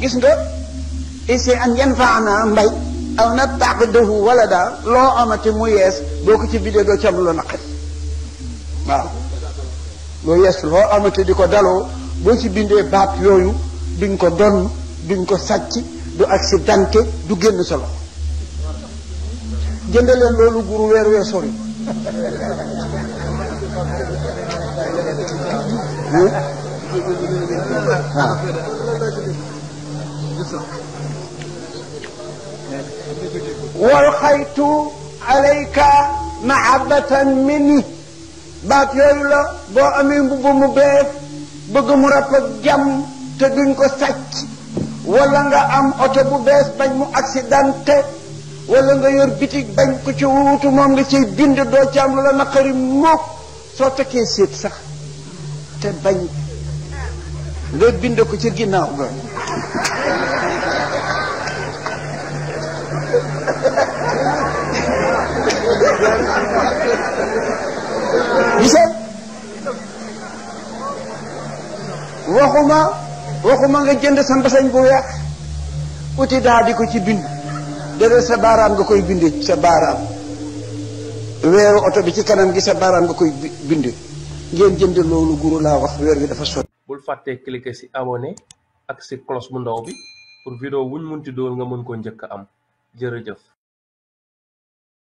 gis nga ise an yan fa ana mbay aw na taqidahu wala daa loo amati mu yees boo ko ci bidee doo ci lu naqari waaw loo yees loo amati di ko daloo boo ci bindee baat yooyu duñ ko donn duñ ko sàcc du accidenté du génn solo loxo jënd leen loolu guru weer weer sori waaw والخيت عليك محبة مني baat yooyu la boo amee mbubb mu bees bëgg mu rafet jàmm te duñ ko sàcc wala nga am oto bu bees bañ mu accidenté wala nga yor bitig bañ ko ci wuutu moom nga ciy bind doo ci am lu la naqari mook soo takkee séet sax te bañ nga bind ko ci ginnaaw ga gisee waxuma waxuma nga jënd sa mbasañ bu weex uti daa di ko ci bind dere sa baaraam nga koy bind sa baaraam weeru oto bi ci kanam gi sa baaraam nga koy bind ngeen jënd loolu guru laa wax weer wi dafa sori bul fàtte cliqué si abonné ak si cloche bu ndaw bi pour vidéo wuñ munti dóor nga mën ko njëkk am rid of